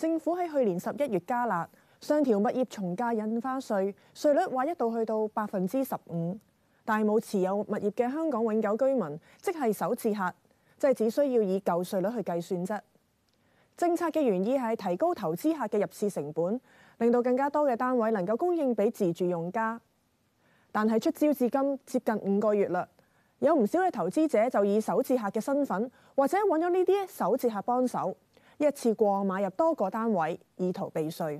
政府喺去年十一月加辣，上調物業從價印花稅，稅率劃一都去到百分之十五。但冇持有物業嘅香港永久居民，即係首次客，即係只需要以舊稅率去計算啫。政策嘅原意係提高投資客嘅入市成本，令到更加多嘅單位能夠供應俾自住用家。但係出招至今接近五個月啦，有唔少嘅投資者就以首次客嘅身份，或者揾咗呢啲首次客幫手。一次過買入多個單位，以圖避稅。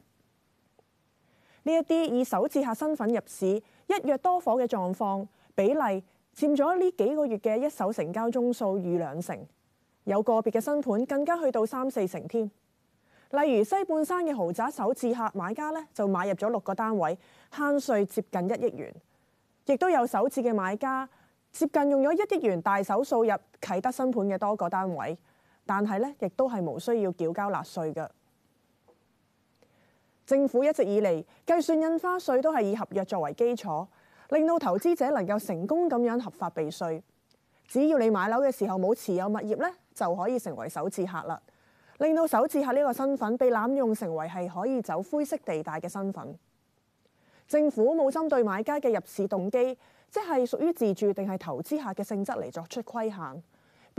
呢一啲，以首次客身份入市，一約多伙嘅狀況，比例佔咗呢幾個月嘅一手成交宗數逾兩成，有個別嘅新盤更加去到三四成添。例如西半山嘅豪宅首次客買家呢，就買入咗六個單位，慳稅接近一億元。亦都有首次嘅買家接近用咗一億元大手掃入啟德新盤嘅多個單位。但係咧，亦都係無需要繳交納稅嘅。政府一直以嚟計算印花稅都係以合約作為基礎，令到投資者能夠成功咁樣合法避稅。只要你買樓嘅時候冇持有物業咧，就可以成為首次客啦，令到首次客呢個身份被濫用成為係可以走灰色地帶嘅身份。政府冇針對買家嘅入市動機，即係屬於自住定係投資客嘅性質嚟作出規限。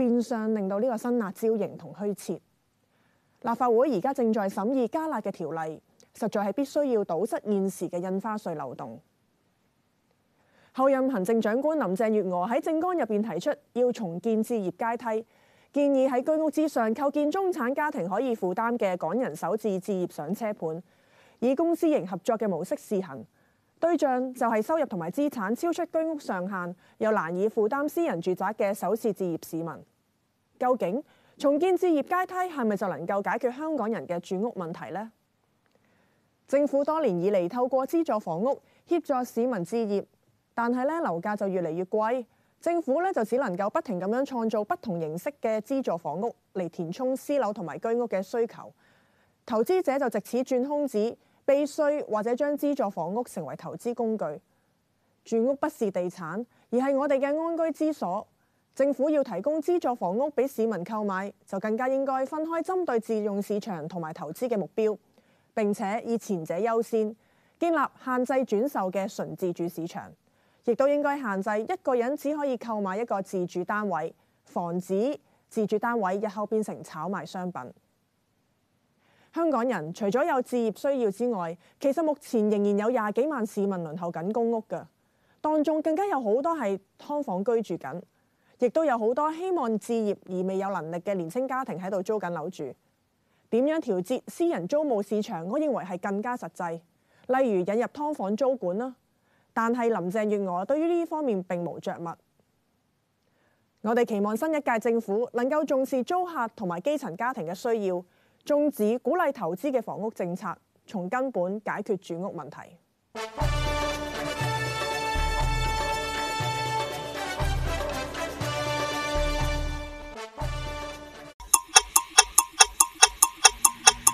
變相令到呢個新辣招形同虛設。立法會而家正在審議加辣嘅條例，實在係必須要堵塞現時嘅印花稅漏洞。後任行政長官林鄭月娥喺政綱入邊提出要重建置業階梯，建議喺居屋之上構建中產家庭可以負擔嘅港人首置置業上車盤，以公私營合作嘅模式試行，對象就係收入同埋資產超出居屋上限又難以負擔私人住宅嘅首次置業市民。究竟重建置業階梯係咪就能夠解決香港人嘅住屋問題呢？政府多年以嚟透過資助房屋協助市民置業，但係咧樓價就越嚟越貴，政府咧就只能夠不停咁樣創造不同形式嘅資助房屋嚟填充私樓同埋居屋嘅需求。投資者就藉此轉空子，避稅或者將資助房屋成為投資工具。住屋不是地產，而係我哋嘅安居之所。政府要提供資助房屋俾市民購買，就更加應該分開針對自用市場同埋投資嘅目標，並且以前者優先，建立限制轉售嘅純自住市場，亦都應該限制一個人只可以購買一個自住單位，防止自住單位日後變成炒賣商品。香港人除咗有置業需要之外，其實目前仍然有廿幾萬市民輪候緊公屋嘅當中，更加有好多係劏房居住緊。亦都有好多希望置業而未有能力嘅年輕家庭喺度租緊樓住，點樣調節私人租務市場？我認為係更加實際，例如引入劏房租管啦。但係林鄭月娥對於呢方面並無着墨。我哋期望新一屆政府能夠重視租客同埋基層家庭嘅需要，終止鼓勵投資嘅房屋政策，從根本解決住屋問題。